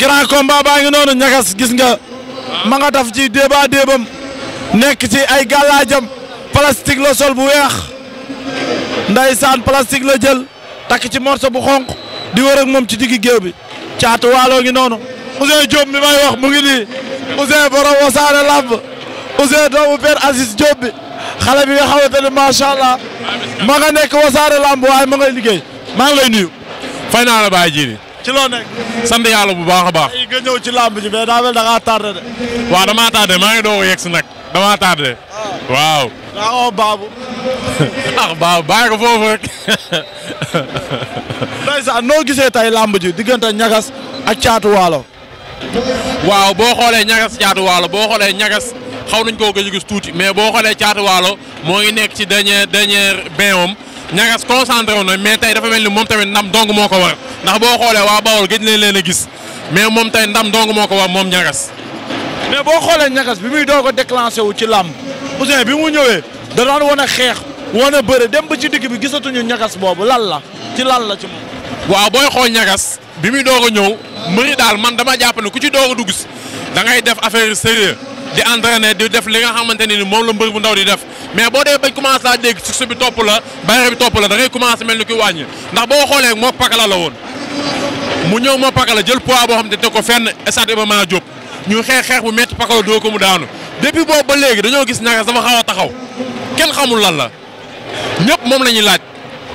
grand combat baa ngi noonu ñagas gis nga ma nga daf ci déeba déebam nekk ci ay gàllaajam plastique la sol bu weex ndeysaan plastique la jël takk ci morso bu xonq di wër ak moom ci diggi géew bi caatu waaloo ngi noonu Ousseyn Diop mi may wax mu ngi nii Ousseyn borom Wassare Lamb Ousseyn doomu Père Aziz Diop bi xale bi nga xamante ne macha allah ma nga nekk Wassare Lamb waaye ma ngay liggéey maa ngi lay nuyu fay naa la bàyyi jiini ci loo nekk. sant yàlla bu baax a baax. tey nga ñëw ci làmb ji mais daa mel da ngaa tardé de. waaw damaa tardé maa ngi doog a yegg si nag damaa tardé. Ah. waaw. daa oo baabu. ah baabu bàyyi ko foofu rek. ndeysaan noo gisee tey làmb ji diggante ñagas ak caatu waalo. waaw boo xoolee ñagas caatu waalo boo xoolee ñagas. xaw nañ koo gëj a gis tuuti mais boo xoolee caatu waalo moo ngi nekk ci dernier dernier bain moom ñagas concentré wu na mais tey dafa mel ni moom tamit ndam dong moo ko war ndax boo xoolee waa ba gëj nañ leen a gis mais moom tey ndam dong moo ko wax moom ñagas. mais boo xoolee ñagas bi muy doog a déclenché wu ci làmb Ousseyn bi mu ñëwee da daan wan a xeex wan a bëre dem ba ci digg bi gisatuñu ñagas boobu lal la ci lan la ci moom. waaw booy xool ñagas bi muy doog a ñëw mbëri daal man dama jàpp ne ku ci doog a dugg si da ngay def affaire sérieux di entraîner di def li nga xamante ne ni moom la mbër bu ndaw di def mais boo dee bañ commencé laa dégg succès bi topp la da ngay commencé mel ni kuy wàññi ndax xoolee moog pakala la woon. mu ñëw ma moo la jël pois boo xam ne teg ko fenn stade Iba Mar Diop ñu xeex xeex bu métti pakala doo ko mu daanu depuis boobu ba léegi dañoo gis ñagas dafa xaw taxaw kenn xamul lan la ñëpp moom la ñuy laaj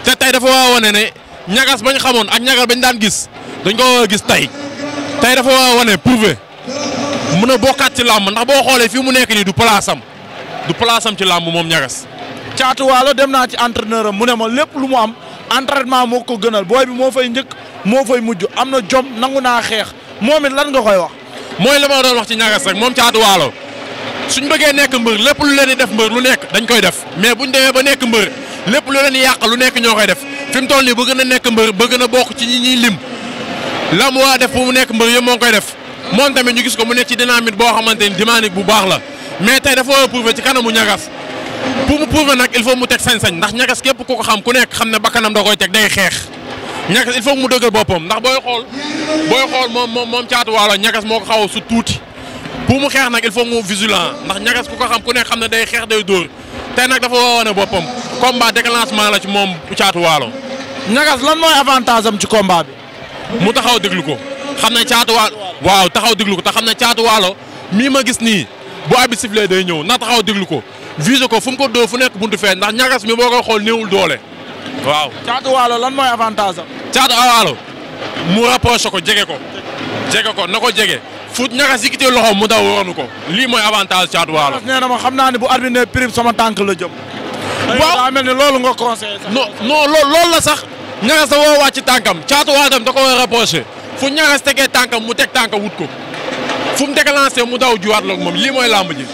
te tey dafa waa wane ne ñagas bañ xamoon ak ñagas bañ daan gis dañ ko war a gis tey tey dafa waa wane mun mën a bokkaat ci làmb ndax boo xoolee fii mu nekk nii du place am du place ci làmb moom ñagas. caatuwaalo dem naa ci entraîneur am mu ne ma lépp lu mu am entraînement moo ko gënal booy bi moo fay njëkk. moo fay mujj am na jom nangu naa xeex moom it lan nga koy wax. mooy li ma doon wax ci ñagas rek moom Caatu Waalo suñ bëggee nekk mbër lépp lu leen di def mbër lu nekk dañ koy def mais buñ demee ba nekk mbër lépp lu lu nekk ñoo koy def fi mu toll nii bëgg na nekk mbër bëgg na bokk ci ñi ñuy lim la mu mu nekk mbër yëpp moo koy def moom tamit ñu gis ko mu nekk ci dynamique boo xamante ni dynamique bu baax la mais tey dafa war a prouver ci kanamu ñagas pour mu prouver nag il faut mu teg sañ-sañ ndax ñagas képp ku ko xam ku nekk xam ne bakkanam da koy teg day xeex ñagas il faut mu dëggal boppam ndax booy xool booy xool moom moom moom caatu waalo ñagas moo xaw a su tuuti bu mu xeex nag il faut mu visilant ndax ñagas ku ko xam ku ne xam ne day xeex day dóor tey nag dafa woone boppam combat déclenchement la ci moom caatu waalo. ñagas lan mooy avantage am ci komba bi. mu taxaw déglu ko xam ne caatu waalo waaw taxaw déglu ko te xam ne caatu waalo mii ma gis nii bu abi siflee day ñëw na taxaw déglu ko visé ko fu mu ko dóor fu nekk buntu feeñ ndax ñagas mi boo koy xool néewul doole. waaw Caatu Waalo lan mooy avantage am. Caatu Waalo mu rapproché ko jege ko. jege ko na ko jege. fuut ñaxa sikite loxo mu daw waroonu ko. lii mooy avantage Caatu Waalo. nee na ma xam naa ne bu arbitre ne prime sama tànk la jëm. waaw daa mel ni loolu nga conseillé sax. non non la sax. ñaxa sa woo wàcc tànkam Caatu Waalo tam da ko war a rapproché fu ñaxa tegee tànkam mu teg tànk wut ko fu mu déclenché mu daw juwaat la moom lii mooy làmb ji.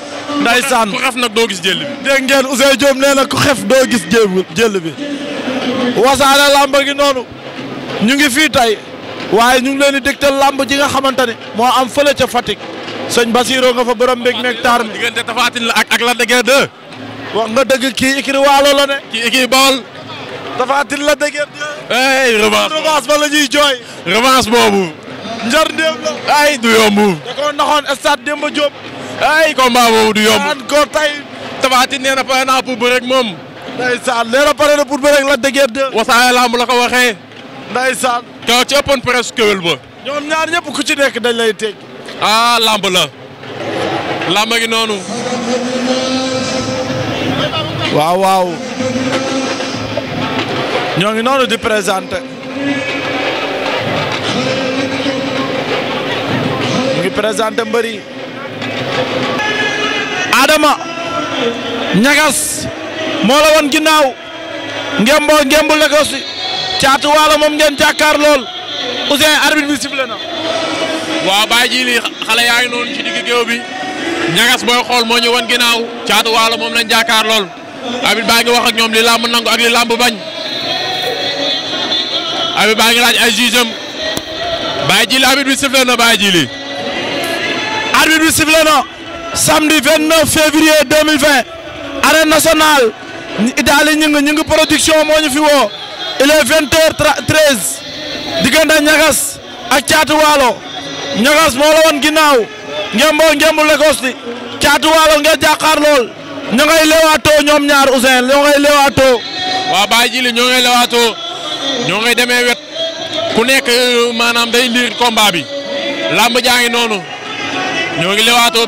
ndaysaan ku xef nag doo gis jël bi. dégg ngeen Ousseyn na gis jël wasaare lamb gi noonu ñu ngi fii tey waaye ñu ngi leen di dégtal lamb ji nga xamante ne moo am fële ca Fatick sëñ Basirou nga fa borom mbég meeg taar mi. diggante Tapha la ak ak Lac de wax nga dëgg kii Ikri Waalo la ne. kii Ikri Bawol. Tapha Tine Lac de Guiers 2. ba la ñuy jooy. revanche boobu. njar ndéem la. ay du yombu. da koo naxoon stade Demba Diop. ay combat boobu du yombu. ko tey. Tapha Tine pare naa pour bëre moom. ndeysaan nee na pare na pour bëre ak Lac de Guiers 2. Wassare Lamb la ko waxee. ndeysaan. kaw ñaar ñëpp ku ci nekk dañ lay teg. ah lamb la. lamb gi noonu. waaw waaw. ñoo ngi noonu di présenté. ñu ngi Adama. Ñagas. moo la woon ginnaaw ngemboo ngembu Lagos caatu waalo moom ngeen jàkkaar lool Ouzin arbitre bi sifflé na. waaw bàyyi ji lii xale yaa ngi noonu ci digg géew bi ñagas booy xool moo ñu woon ginnaaw caatu waalo moom lañ jàkkaar lool arbitre baa ngi wax ak ñoom li làmb nangu ak li làmb bañ arbitre baa ngi laaj ay juge am bàyyi ji li arbitre bi sifflé na bàyyi ji lii. arbitre bi sifflé na samedi février 2020 arène Idaly Gningue Gningue production moo ñu fi woo il est vingt heures treize diggante ñagas ak caatu waalo ñagas moo la woon ginnaaw ngemboo ngembu Lagos di caatu waalo nga jàkkaar lool ñoo ngay leewaatoo ñoom ñaar Ousseyn ñoo ngay waa Baye Djili ñoo ngay demee wet ku nekk euh, maanaam day liir combat bi làmb jaa ngi noonu ñoo ngi leewaatoo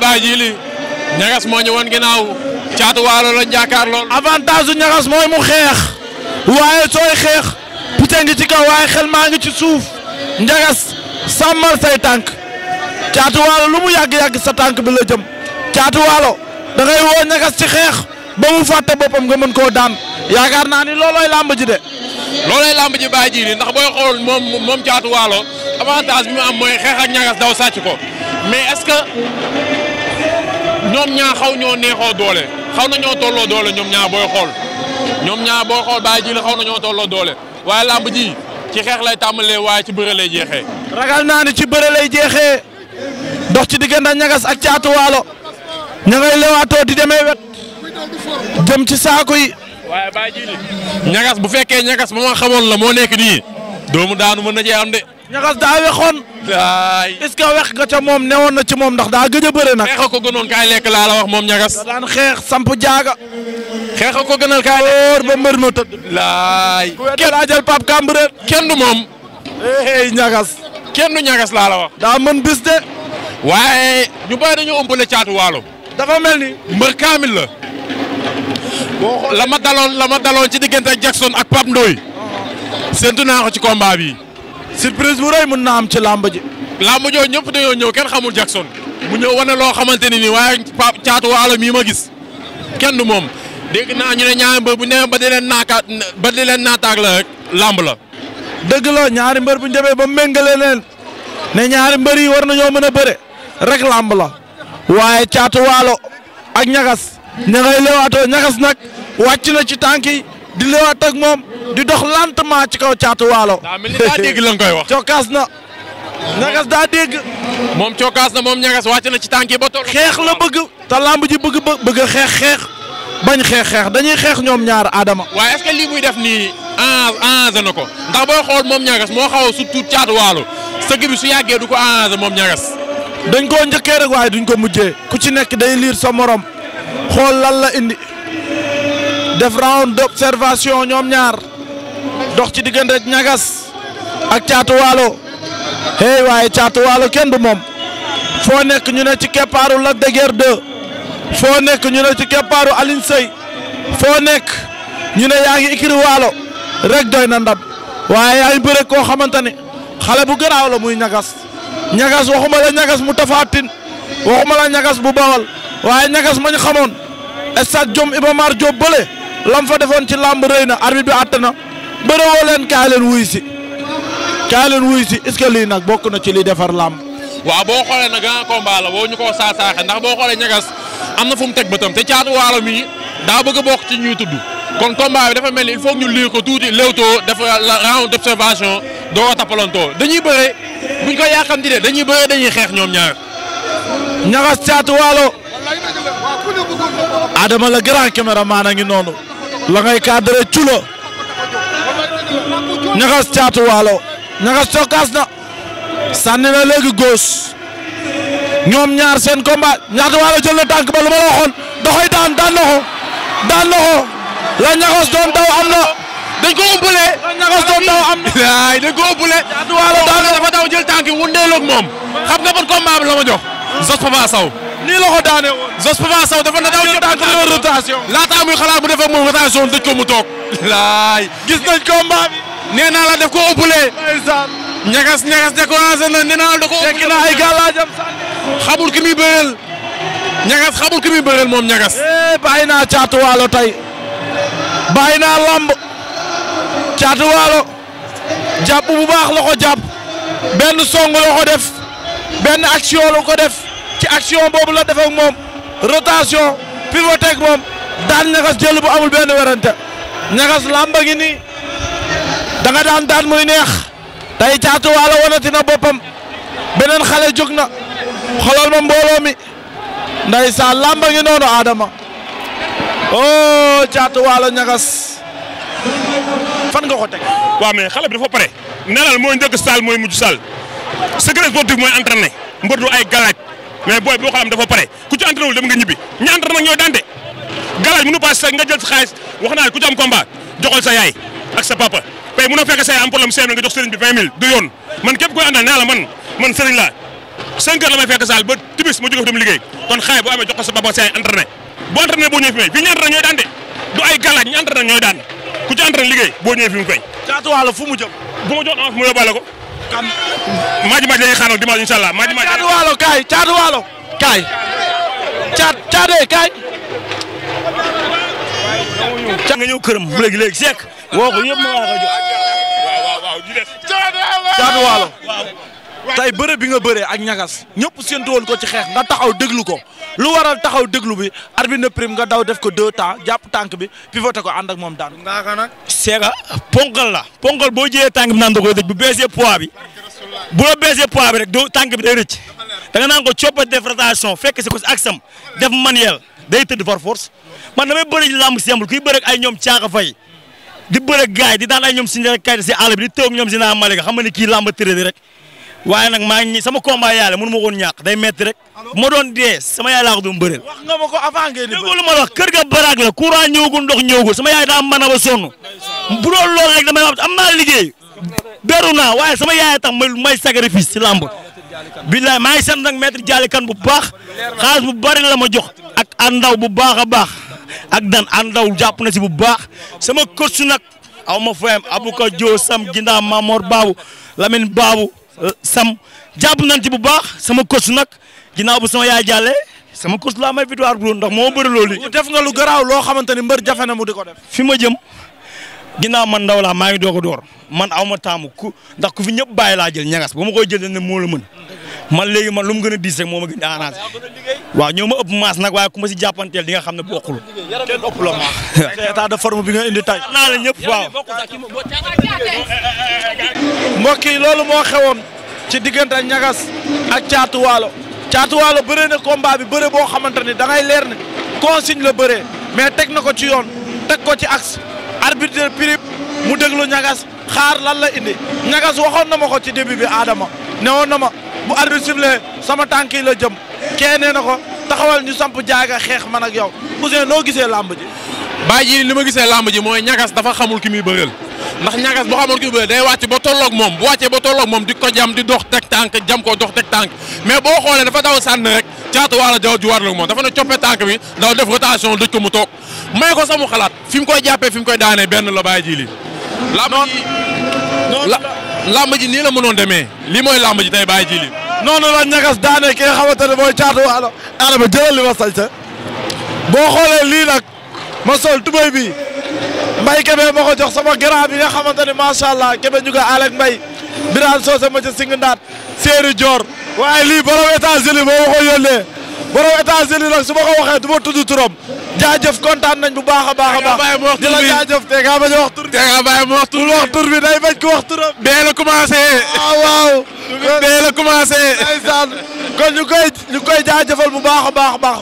ñagas moo ñu woon ginnaaw. caatu waalo la jaakaar lool. avantage du ñagas mooy mu xeex waaye sooy xeex pite ngi ci kaw waaye xel maa ngi ci suuf ñagas sàmmal say tànk caatu waalo lu mu yàgg yàgg sa tànk bi la jëm caatu waalo da ngay woo ñagas ci xeex ba mu fàtte boppam nga mën koo daan yaakaar naa ni loolooy làmb ji de. loolooy làmb ji bàyyi i ndax booy xool moom moom caatu waalo avantage bi mu am mooy xeex ak ñagas daw sàcc ko mais est-ce que ñoom ñaa xaw ñoo neexoo doole. xaw na ñoo tolloo doole ñoom ñaar booy xool ñoom ñaar booy xool Baye Djily xaw na ñoo doole waaye làmb ji ci xeex lay tàmbalee waaye ci bëre lay jeexee. ragal naa ne ci bëre ay jeexee dox ci diggante ñagas ak caatu waalo ña ngay lewaatoo di demee wet jëm ci saako yi. waaye Baye Djily ñagas bu fekkee ñagas ba ma xamoon la moo nekk nii doomu daanu mën na cee am de. ñagas daa wexoon. waay ce que wex nga ca moom newoon na ci moom ndax daa gëj a bëre nag. xeex a ko gënoon kaay lekk laa wax moom ñagas. xeex samp jaaga. xeex a ko gënal kaay lekk ba mbër kenn moom. hey ñagas. kenn du ñagas laa la wax. daa mën bis de. waaye ñu bàyyi dañoo ëmpale caatu waalo. dafa mel ni. mbër kaamil la. la ma daloon la ma daloon ci diggante Jackson ak Pape Ndoye. séntu naa ko ci combat bi. surprise bu rëy mën na am ci làmb ji. làmb jooju ñëpp dañoo ñëw kenn xamul Jackson. mu ñëw wane loo xamante ni nii waaye Pape Thiatou Walo mii ma gis kenn du moom dégg naa ñu ne ñaari mbër bu ñu ba di leen naaka ba leen naataag la rek la. dëgg la ñaari mbër bu ñu demee ba méngale leen ne ñaari mbër yi war nañoo mën a bëre rek làmb la waaye Thiatou Walo ak ñagas ña ngay leewaatoo ñagas nag wàcc na ci tànk yi di lewaat ak moom di dox lant lentement ci kaw caatu waalo. daa mel ni koy wax. cokkaas na. ñagas daa dégg. moom cokkaas na moom ñagas wàcc na ci tànk yi ba toll. xeex la bëgg. te làmb ji bëgg bëgg a xeex xeex. bañ xeex xeex dañuy xeex ñoom ñaar Adama. waaye est lii muy def nii en enrangé na ko ndax booy xool moom ñagas moo xaw a su tuut caatu waalo sëgg bi su yàggee du ko enrangé moom ñagas. dañ koo njëkkee rek waaye duñ ko mujjee. ku ci nekk day liir sa morom xool lan la indi def round d'observation ñoom ñaar dox ci diggante ñagas ak caatu waalo hey waaye caatu waalo kenn du moom foo nekk ñu ne ci keppaaru Lac de Guiers 2 foo nekk ñu ne ci keppaaru Alioune Seye foo nekk ñu ne yaa ngi ikiri waalo rek doy na ndam waaye yaa ngi bëre koo xamante ne xale bu garaaw la muy ñagas ñagas waxuma la ñagas mu tafaatin waxuma la ñagas bu bawal waaye ñagas mañ xamoon stade Jom Iba Mar Diop lam fa defoon ci làmb rëy na arbitre bi àtt na bëre woo leen kaay leen wuy si kaay leen wuy si est lii nag bokk na ci li defar làmb waa boo xoolee na grand ah, combat la woo ñu ko saasaaxe ndax boo xoolee ñagas am na fu mu teg bëtam te caatu waalo mi daa bëgg a bokk ci ñuy tudd kon combat bi dafa mel ni il faut ñu lire ko tuuti léewtoo def la round d'observation doo ko tappalantoo dañuy bëre buñ ko yàqamti de dañuy bëre dañuy xeex ñoom ñaar ñagas caatu la grand ngi noonu la ngay cadré culo ñaxas caatu waalo ñaxas cokkaas na sànni na léegi góos ñoom ñaar seen combat ñaatu waalo jël na tànk ba lu ma la waxoon doxoy daan daan na ko daan na ko la ñaxas doon daw am na dañ ko ëppale ñaxas doon daw am na ay dañ ko daan na dafa daw jël tànk wundeeloog moom xam nga ban combat bi la ma jox Zoss nii la ko daane woon. Zoss Papa Sow dafa na daw ci tànk rotation. laataa muy xalaat bu def ak moom ko mu toog. laay gis nañ combat bi. nee naa la daf ko ëppalee. ñagas ñagas découragé na nee naa la da ko ëppalee. fekk na ki muy bëreel. ñagas xamul ki muy bëreel moom ñagas. Eh, bàyyi naa caatu waalo tey. bàyyi naa lamb. caatu waalo. jàpp bu baax la ko jàpp. benn song def. benn action la ko def. ci action boobu la def ak moom rotation pivot ak moom daan ñagas jël bu amul benn werante ñagas làmba ngi daan daan muy neex tey caatu waalo wonati na boppam beneen xale jog na xoolal ma mbooloo mi ndeysaan làmba ngi noonu Adama oh caatu waalo ñagas fan nga ko teg. waaw mais xale bi dafa pare. nelal mooy njëkk saal mooy mujj saal secret sportif mooy entraîné mbër du ay galaaj. mais booy boo xam dafa pare ku ci entraîné wul dem nga ñibbi ñi entraîné ñooy dante galaaj wax naa ku ci am combat joxal sa yaay ak sa papa pay mënoo fekk sa yaay am problème seen nga jox sëriñ bi 20 000 du yoon man képp koy àndal nee la boo entraîné boo ñëwee fi may fii ñu galaaj ñu entraîné ñooy daan ku ci entraîné liggéey boo ñëwee fi mu fay caatuwaala fu mu jëm bu ma jox avance mu yóbbaale ko xam. Madji Madji dañuy xaaral dimanche incha allah Madji Madji. Caatu Waalo kaay Caatu Waalo kaay. Caat Caatee kaay. Caat nga ñëw këram léegi léegi Seck woo ko yëpp ma waa ko jox. Caatu Waalo. tey bëre bi nga bëree ak ñagas ñëpp séntu woon ko ci xeex nga taxaw déglu ko. lu waral taxaw déglu bi arbitre na prime nga daw def ko deux temps jàpp tànk bi pivoté ko ànd ak moom daan. ngaa ko nag. seega ponkal la ponkal boo jëyee tànk bi naan da koy dëj bu beesee poids bi bu la beesee poids rek doo tànk bi de rëcc da nga naan ko coppa def rotation fekk si ko si aksam def manuel day tëdd par force man damay bëri làmb simple kuy bëri ay ñoom caaxa fay. di bëre gaay di daan ay ñoom si njëriñ kayit si àll bi di teew ñoom si naa Malika xam nga kii làmb rek waaye nag maa ngi sama combat yàlla mënu ma koon ñàkk day metti rek bu ma doon dee sama yaay laa ko doon bëreel. wax nga ma ko avant ngeen di bëri lu ma la wax kër ga baraag la courant ñëwagul ndox ñëwagul sama yaay daa mën a ba sonn bu doon loolu rek damay am naa liggéey beru naa waaye sama yaay tax may may sacrifice ci làmb billaay maa ngi sant nag maître Dialy Kane bu baax xaalis bu bari la ma jox ak andaw bu baax a baax ak dan àndaw jàpp na si bu baax sama coach nag aw ma fayam Abuka Dio Sam Gindaa Mamor Babu Lamine Babu Euh, sam jàpp nañ ci bu baax sama coach nag ginnaaw bu sama yaay jàllee sama kos laa may victoire bu ndax moo bëri loolu. def nga lu garaaw loo xamante ni mbër jafe na mu di ko def. fi ma jëm ginnaaw man ndaw laa maa ngi doog a door man aw ma taamu ku ndax ku fi ñëpp bàyyi laa jël ñagas boo ma koy jël ne moo la mën man léegi man lu mu gën a diis moo ma gën a waaw ñoo ma ëpp maas nag waaye ku ma si jàppanteel di nga xam ne bokkul kenn ëpp la maas état de forme bi nga indi tay naa la ñëpp waaw mbokk yi loolu moo xewoon ci diggante ñagas ak caatu waalo caatu waalo bëree na combat bi bëre boo xamante ni da ngay leer ne siñ la bëree mais teg na ko ci yoon teg ko ci axe arbitre prip mu déglu ñagas xaar lan la indi ñagas waxoon na ma ko ci début bi aadama ne woon na ma bu arbitre le sama tànk la jëm kee nee na ko taxawal ñu samp jaaga xeex man ak yow Ouzin noo gisee làmb ji. bàyyi ji li ma gisee làmb ji mooy ñagas dafa xamul ki muy bëreel. ndax ñagas boo xamoon kuy bëre day wàcc ba tolloog moom bu wàccee ba tolloog moom di ko jam di dox teg tànk jam ko dox teg tànk mais boo xoolee dafa daw sànn rek caatu waala jaw juwaarloog moom dafa ne coppe tànk bi daw def rotation dëj ko mu toog may ko samu xalaat fi mu koy jàppee fi mu koy daanee benn la bàyyi ji li làmb ji nii la mënoon demee lii mooy làmb ji tey bàyyi ji li noonu la ñagas daane ki nga xamante ne mooy caatu waalo adama jëlal li ma sañ sa boo xoolee lii nag ma sol tubay bi Mbaye Kébé ma ko jox sama grand bi nga xamante ne macha allah Kébé ñu ko Alek Mbaye Birane Socé ma ca Singindaat Seydou Dior waaye lii borom États-Unis moo ma ko borom États-Unis nag su ma ko waxee du ma tudd turam jaajëf kontaan nañ bu baax a baax a baax di la jaajëf te nga bañ a wax tur bi te nga bàyyi ma wax tur wax tur bi ko wax ah, kon ñu koy ñu bu baax a baax a baax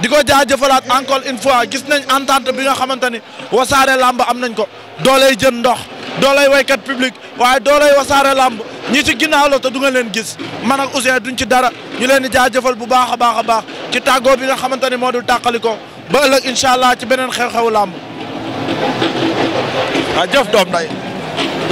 di ko jaajëfalaat encore une fois gis nañ entente bi nga xamante ni wasaare làmb am nañ ko dooley jën ndox doolay waykat public waaye doolay wasaare làmb ñi ci ginnaaw la te du leen gis man ak duñ ci dara ñu leen di jaajëfal bu baax a baax a baax ci tàggoo bi nga xamante ni moo dul tàqaliko ba ëllëg incha allah ci beneen xew-xewu làmb. ah jëf doom nday